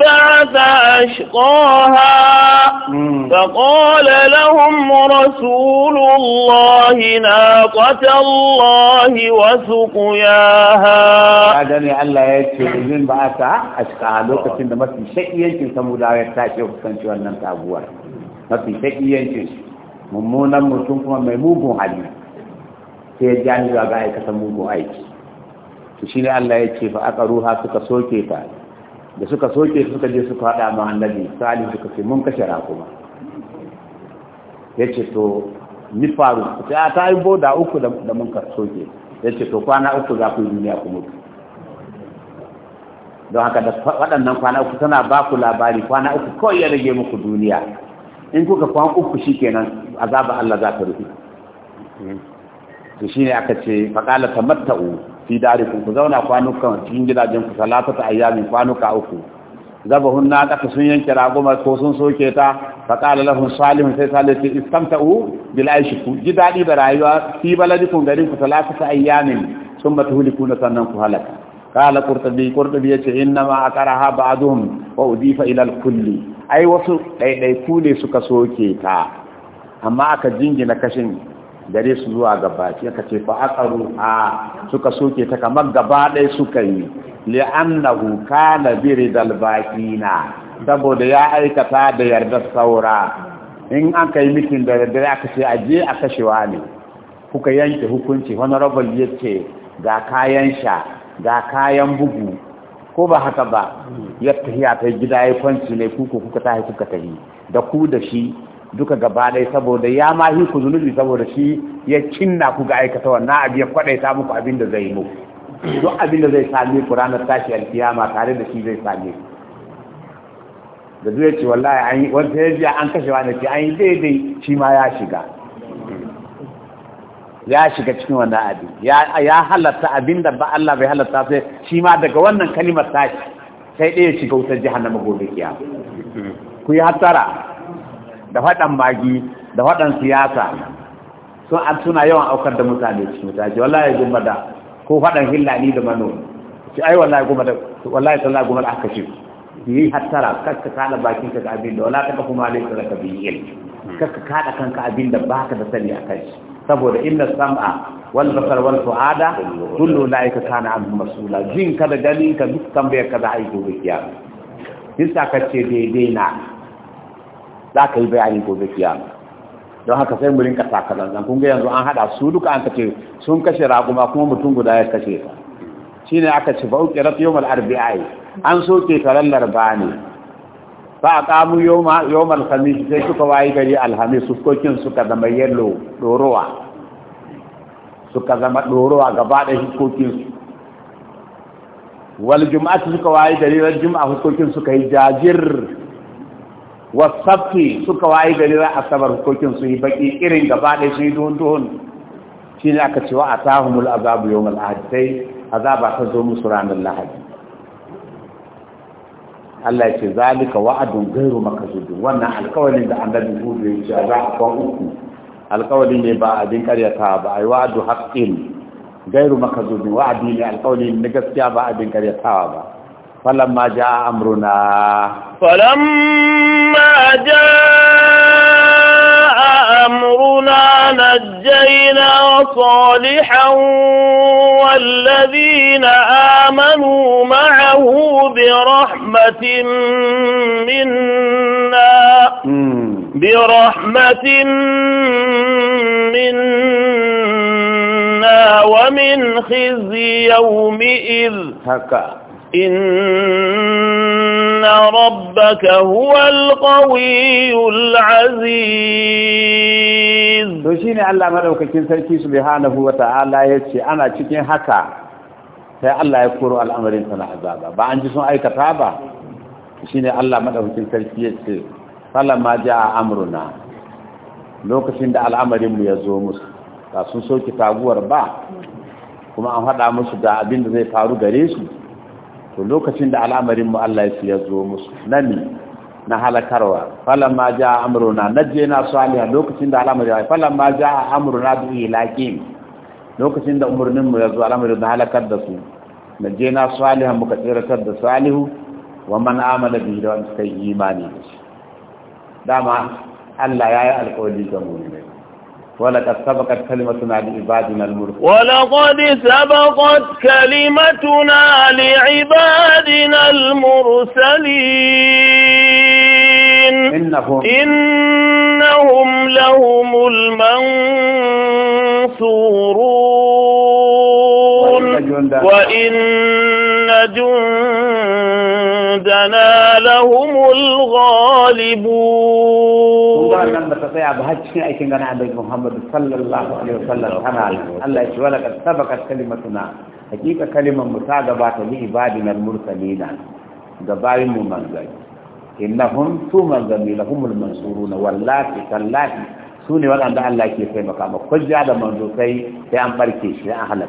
ba'atha ashqaha hmm. fa ƙole lahun rasulullahi wasu allahi wa Ya ne Allah ya yace idin a ashqaha lokacin da mafi shakiyancin samuda ya tashi kusanci wannan tabuwar mafi shakiyancin mummunan mutum kuma mai mugun hali sai ya ga aikata mugun aiki to shi ne Allah ya ce fa aka ruha suka soke ta da suka soke suka je suka haɗa ma annabi sali suka ce mun kashe rakuma ya ce to ni faru ta ta yi boda uku da mun ka soke ya ce to kwana uku za ku yi duniya ku mutu don haka da waɗannan kwana uku tana ba ku labari kwana uku kawai ya rage muku duniya in kuka kwan uku shi kenan azaba Allah za ta rufe hmm. to shine aka ce faƙala ta matta'u fi darikum ku zauna kwanukan cikin gidajen ku salatata ayyamin kwanuka uku Zaba na kasa sun yanke raguma ko sun soke ta faƙala lahun salihun sai salihun ce istamta'u bil aishi ku ji daɗi da rayuwa fi baladikun garin ku salatata ayyamin sun bata huliku na sannan ku halaka kala kurtabi kurtabi yace inna ma akaraha ba'dhum wa udifa ila al-kulli ai wasu ɗaiɗaiku ne suka soke ta amma aka jingina kashin gare su zuwa gabaki aka ce fa aqaru a suka soke ta kamar gaba ɗaya suka yi li'annahu kana biridal baqina saboda ya aikata da yarda saura in an yi mitin da yardar aka ce aje a kashewa ne kuka yanke hukunci honorable yace ga kayan sha ga kayan bugu ko ba haka ba ya tafiya ta gida ya kwanci ne kuka kuka tahi kuka tahi da ku da shi duka gaba dai saboda ya ma hi ku zunubi saboda shi ya cinna ku ga aikata wannan abin ya kwadaita muku abin da zai mu duk abin da zai same ku ranar tashi alkiyama tare da shi zai same ku da duk ya ce wallahi an yi wanda ya biya an kashe wani ce an yi daidai shi ma ya shiga ya shiga cikin wannan abin ya halatta abin da ba Allah bai halatta sai shi ma daga wannan kalimar tashi sai ɗaya shiga wutar jihar na gobe kiyama ku yi hattara da faɗan magi da faɗan siyasa sun an suna yawan aukar da mutane cikin mutane wallahi gumma da ko faɗan hillani da mano ce ai wallahi gumma da wallahi sallah gumma da aka ce yi hattara kakka kada bakin ka abin da wala taka kuma alai ka bi ilmi kakka kada kanka abin da baka da sani a kai saboda inna sam'a wal basar wal fuada kullu laika kana an masula jin ka da gani ka duk tambayar ka da aiko da kiyama yasa ka ce daidai na za ka yi bayani gobe kiyama don haka sai mu rinka takalanzan Zan kunga yanzu an hada su duka an kace sun kashe raguma kuma mutum guda ya kashe ta Shi ne aka ci bauki rat yomar RBI. an soke taran ne Ba a kamu yomar khamis sai suka wayi gari alhamis sukokin suka zama yello dorowa suka zama dorowa gaba da hukokin su wal jum'atu suka wayi gari ran jum'a hukokin suka yi jajir wasafi suka wayi gari za a sabar hukokin su yi baki irin gaba da shi don don shi ne aka cewa a tahumul azabu yau mal'ahadi sai azaba ta zo musu ranar lahadi Allah ya ce zalika wa'adun gairu makazudu wannan alkawalin da annabi hudu ya ce za a kwan uku alkawali ne ba abin karyata ba ai wa'adu haqqin gairu makazudu wa'adi ne alkawali ne gaskiya ba abin karyatawa ba فلما جاء أمرنا فلما جاء أمرنا نجينا صالحا والذين آمنوا معه برحمة منا برحمة منا ومن خزي يومئذ إن ربك هو القوي العزيز دوشيني الله مدوك كنسلتي سبحانه وتعالى يتشي أنا تشكين حكا sai Allah ya الأمرين al'amarin عزابا na azaba ba an ji sun aikata ba shine Allah madaukakin sarki yace falamma a amruna lokacin da al'amarin mu zo musu ba sun taguwar ba kuma an haɗa musu da abin da zai faru gare su to lokacin da al'amarin mu Allah ya zo musu nani na halakarwa falamma jaa amruna najjayna salihan lokacin da al'amarin ya falamma jaa amruna bi ilaqim lokacin da umurnin mu ya zo al'amarin da halakar da su najjayna salihan muka tsiratar da salihu wa man amana bihi da wanda suka yi imani da shi dama Allah ya yi alƙawari ga mu'minai ولقد سبقت كلمتنا لعبادنا المرسلين ولقد سبقت كلمتنا لعبادنا المرسلين إنهم, إنهم لهم المنصورون يقول وإن جندنا لهم الغالبون محمد صلى الله عليه وسلم الله يشوالك سبقت كلمتنا حقيقة كلمة متاغبة لعبادنا المرسلين دبائي ممنزل إنهم تمنزمي لهم المنصورون واللاتي كاللاتي سوني وقال أن الله كيف يمكامه خجي على منزل كي يأمر كيش يأهل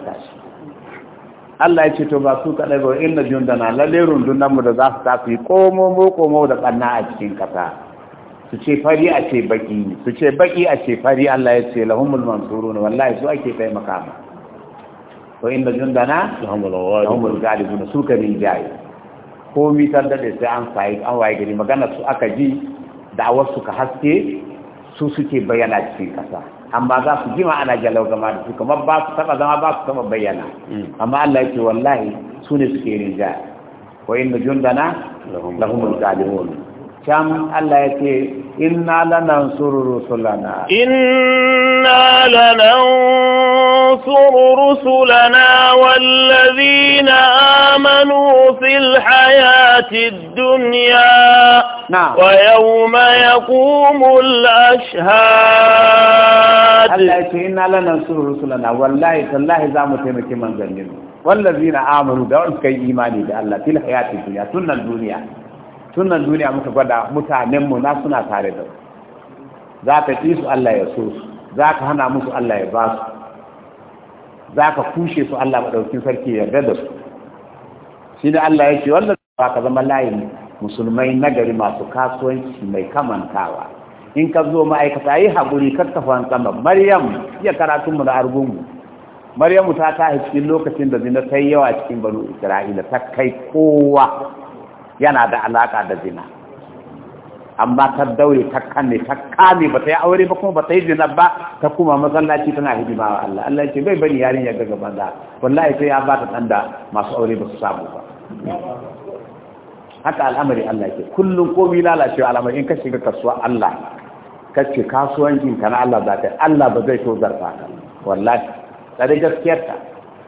Allah ya ce to ba su kaɗai ba inna jundana lalle rundunan mu da za su tafi komo mu komo da ɓanna a cikin ƙasa su ce fari a ce baki su ce baki a ce fari Allah ya ce lahumul mansurun wallahi su ake taimaka ma to inna jundana lahumul galibun su ka min jaye ko mi tar da sai an sai an waye gari magana su aka ji da'awar su ka haske su suke bayyana cikin ƙasa amma za su jima ana jalau ga da su kamar ba su taba zama ba su taba bayyana amma Allah yake wallahi su ne suke rinja wa inna jundana lahumul qadirun can Allah yake inna lanansuru rusulana inna lanansuru rusulana wallazina amanu fil hayatid dunya ويوم يقوم الأشهاد الله يقول لنا لننصر رسلنا والله تالله زامو تيمكي من ذنبه والذين آمنوا دعون كي إيماني بالله في الحياة الدنيا تنى الدنيا تنى الدنيا متقدع متعنم ناسنا تاردو ذاك تيسو الله يسوس ذاك هنا مسو الله يباس ذاك كوشي سو الله مدوكين سركي يرددو سيد الله يقول والله ذاك زمان لا يمكن musulmai nagari masu kasuwanci mai kamantawa in ka zo ma'aikata yi haƙuri karka fantsama maryam ya karatunmu na argungu maryamu ta ta cikin lokacin da zina ta yi yawa cikin banu isra'ila ta kai kowa yana da alaƙa da zina amma ta daure ta kame ta kame ba ta yi aure ba kuma ba ta yi zina ba ta kuma masallaci tana hidima wa Allah Allah ce bai bari yarin ya gaga banza wallahi sai ya ba ta masu aure ba su samu ba haka al'amari Allah ke kullum komi lalacewa al'amari in ka shiga kasuwa Allah ka ce kasuwancin ka na Allah za ka Allah ba zai so zarfa ka wallahi tare gaskiyar ta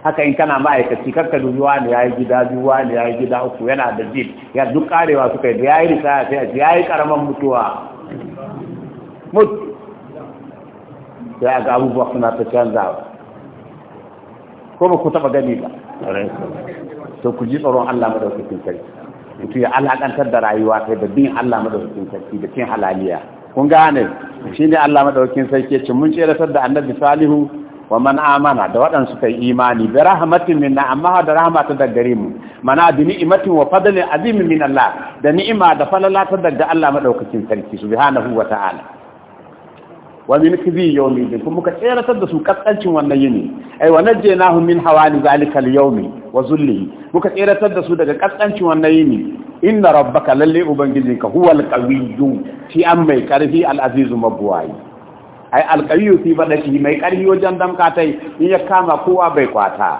haka in kana ma'aikaci karka dubi wani ya yi gida dubi wani ya yi gida uku yana da jin ya duk karewa suka yi da ya yi risaya sai a ce ya yi karamin mutuwa mutu sai ga abubuwa suna ta canzawa ko ba ku taba gani ba to ku ji tsaron Allah madaukakin sarki mutum ya alakantar da rayuwa kai da bin Allah madaukakin sarki da cin halaliya kun gane ne Allah madaukakin sarki ce mun ce da annabi salihu wa mana amana da waɗansu kai imani bi rahmatin minna amma da rahmata daga gare mu mana bi ni'matin wa fadlin azimin min Allah da ni'ima da falalata daga Allah madaukakin sarki subhanahu wa ta'ala wa min khizi yawmi din kuma muka tseratar da su kaskancin wannan yini ai je najjaynahum min hawali zalika al-yawmi wa zulli. muka tseratar da su daga kaskancin wannan yini inna rabbaka lalle ubangiji ka huwal qawiyyu fi an mai karfi al-azizu ai al-qawiyyu fi badati mai karfi wajen damka tai in ya kama kowa bai kwata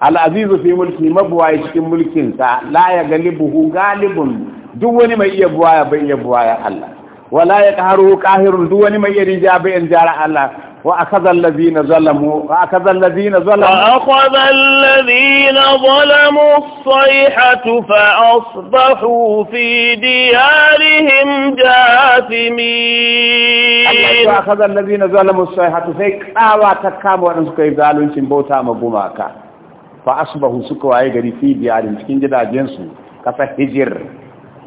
al-azizu fi mulki mabwai cikin mulkinsa la ya galibu galibun duk wani mai iya buwaya bai iya buwaya Allah wala ya qaharu qahirun duk wani mai yari jabe bayan jara Allah wa aka akhadha na zalamu wa aka akhadha na zalamu wa akhadha alladhina zalamu as-sayhatu fa asbahu fi diyarihim jathimin wa akhadha alladhina zalamu as-sayhatu sai kawa ta kama wadanda suka yi zaluncin bauta ma gumaka fa asbahu suka waye gari fi diyarin cikin gidajensu kasa hijir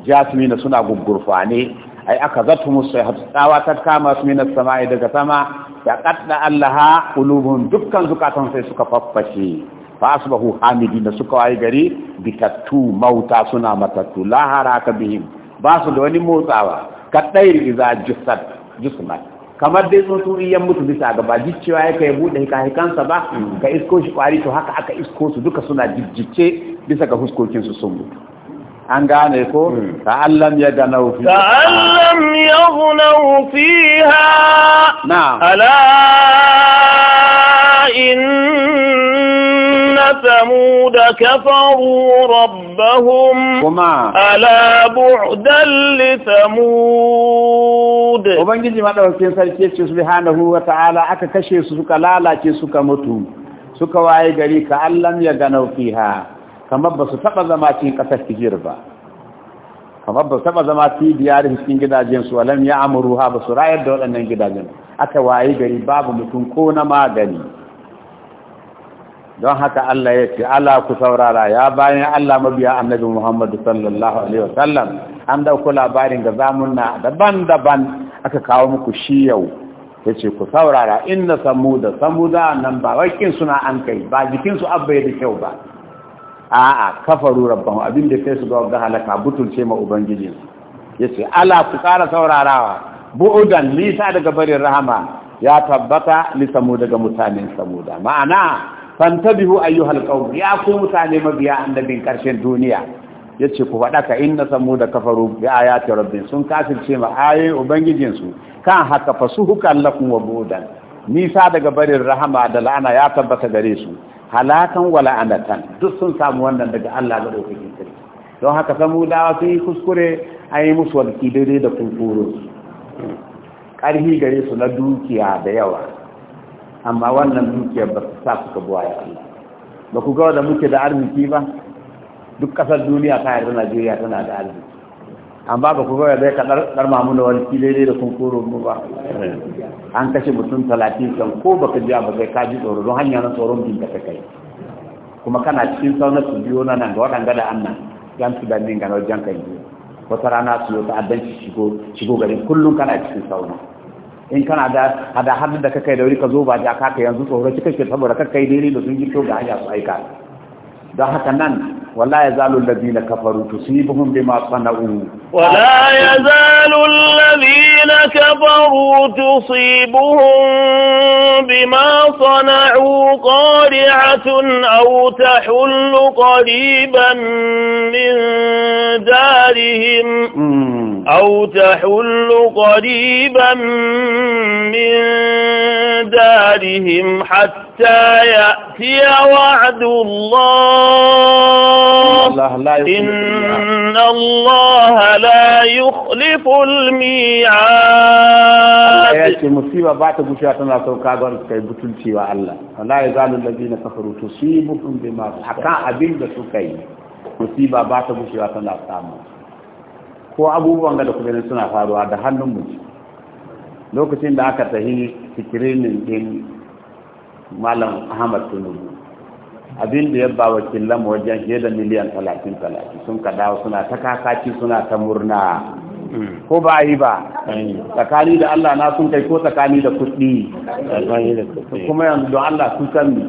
jasmina suna gugurfane ai aka zatu musu ya tsawa ta kama su minas sama'i daga sama ya kadda allaha qulubuhum dukkan zukatan sai suka faffashe fa asbahu da suka wayi gari bitattu mauta suna matattu la haraka bihim ba su da wani motsawa kadai iza jussat jismat kamar dai turi yan mutu bisa gaba jiccewa ya kai bude hikahikansa ba ka isko shi kwari to haka aka isko su duka suna jijjice bisa ga huskokinsu sun mutu an gane ko hmm. ta'allam ya ganau fi ta'allam ya ganau fiha Na. ala inna samud kafaru rabbahum kuma ala bu'dan li samud ubangiji madaukakin sarki ce hana huwa ta'ala aka kashe su suka lalace suka mutu suka waye gari ka allam ya ganau kamar ba su taɓa zama cikin ƙasar hijir ba kamar ba su taɓa zama cibiyar cikin gidajensu alam ya amuru ha ba su rayar da waɗannan gidajen aka wayi gari babu mutum ko na magani don haka Allah ya ce Allah ku saurara ya bayan Allah mabiya annabi muhammad sallallahu alaihi wasallam an dauko labarin ga na daban-daban aka kawo muku shi yau yace ku saurara inna samuda samuda nan ba wakin suna an kai ba jikinsu abba da kyau ba a'a kafaru rabbahu abin da kai su ga ga halaka butulce ma ubangiji yace ala ku kara saurarawa bu'udan nisa daga barin rahama ya tabbata li samu daga mutanen samuda ma'ana fantabihu ayyuhal qawm ya ku mutane mabiya annabin karshen duniya yace ku faɗa ka inna samuda kafaru bi ayati rabbin sun kafirce ma ayoyin ubangijinsu kan haka fasuhukan lakum wa bu'udan nisa daga barin rahama da la'ana ya tabbata gare su halakan wala anatan duk sun samu wannan daga Allah madaukakin sarki don haka samu dawa sun yi kuskure an yi musu walki daidai da kulkuro ƙarfi gare su na dukiya da yawa amma wannan dukiyar ba su sa ka buwa ya Allah ba ku ga da muke da arziki ba duk ƙasar duniya ta yarda Najeriya tana da arziki amma ba ku gaya zai ka dar mamuna wani kile daidai da kunkuro mu ba an kashe mutum talatin kan ko baka ji abu ka ji tsoro don hanya na tsoron bin da ka kai kuma kana cikin sauna su biyo na nan da gada an annan yan su danne ga wajen kan yi wata rana su yi ta'addanci shigo shigo garin kullum kana cikin sauna in kana da hada hannun da ka kai da wuri ka zo ba ja ka yanzu tsoro kika saboda ka kai daidai da sun to ga hanya su aika don haka ولا يزال الذين كفروا تصيبهم بما صنعوا ولا يزال الذين كفروا تصيبهم بما صنعوا قارعة أو تحل قريبا من دارهم أو تحل قريبا من دارهم حتى يأتي وعد الله إن الله لا يخلف الميعاد ya ce musiba ba ta gushe sauka ga wanda kai butulci wa Allah wallahi zalul ladina kafaru tusibuhum bima haka abin da suka yi musiba ba ta gushe tana samu ko abubuwan da kuma suna faruwa da hannun mu lokacin da aka tahi fikirinin din malam Ahmad Tinubu abin da ya ba wakilan mu wajen fiye da miliyan talatin talatin sun ka dawo suna ta kakaci suna ta murna ko ba yi ba tsakani da Allah na sun kai ko tsakani da kuɗi kuma yanzu don Allah sun san ni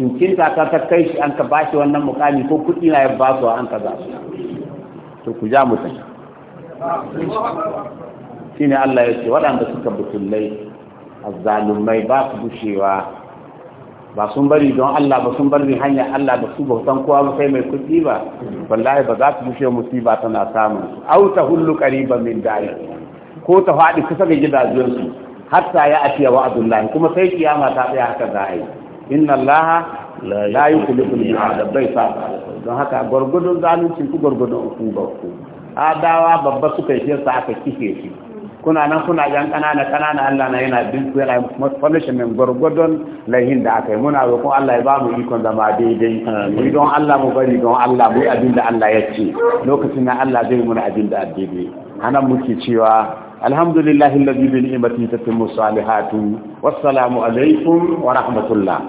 cincin ta ta kai shi an ka bashi wannan mukami ko kuɗi na ya ba su an ka za su to ku ja mutum ne Allah ya ce waɗanda suka butullai azzalumai ba su bushewa ba sun bari don Allah ba sun bari hanyar Allah da su bautan kowa ba sai mai kuɗi ba wallahi ba za su bushe musiba tana samun au ta hullu qariban min dari ko ta faɗi kusa ga gidajen su hatta ya atiya wa'adullahi kuma sai kiyama ta tsaya haka za a yi inna Allah la yukhliqu al-mi'ad bai sa don haka gurgudun zalunci ku gurgudun ku ba ku adawa babba suka yi shi aka kike shi kuna nan kuna jan kanana kanana Allah na yana bin ku yana punishment gwargwadon laihin da aka yi muna roƙon Allah ya ba mu ikon zama daidai mu don Allah mu bari don Allah mu abin da Allah ya ce lokacin na Allah zai muna abin da addini anan muke cewa alhamdulillahi alladhi bi nimati tatimmu salihatu wassalamu alaikum wa rahmatullah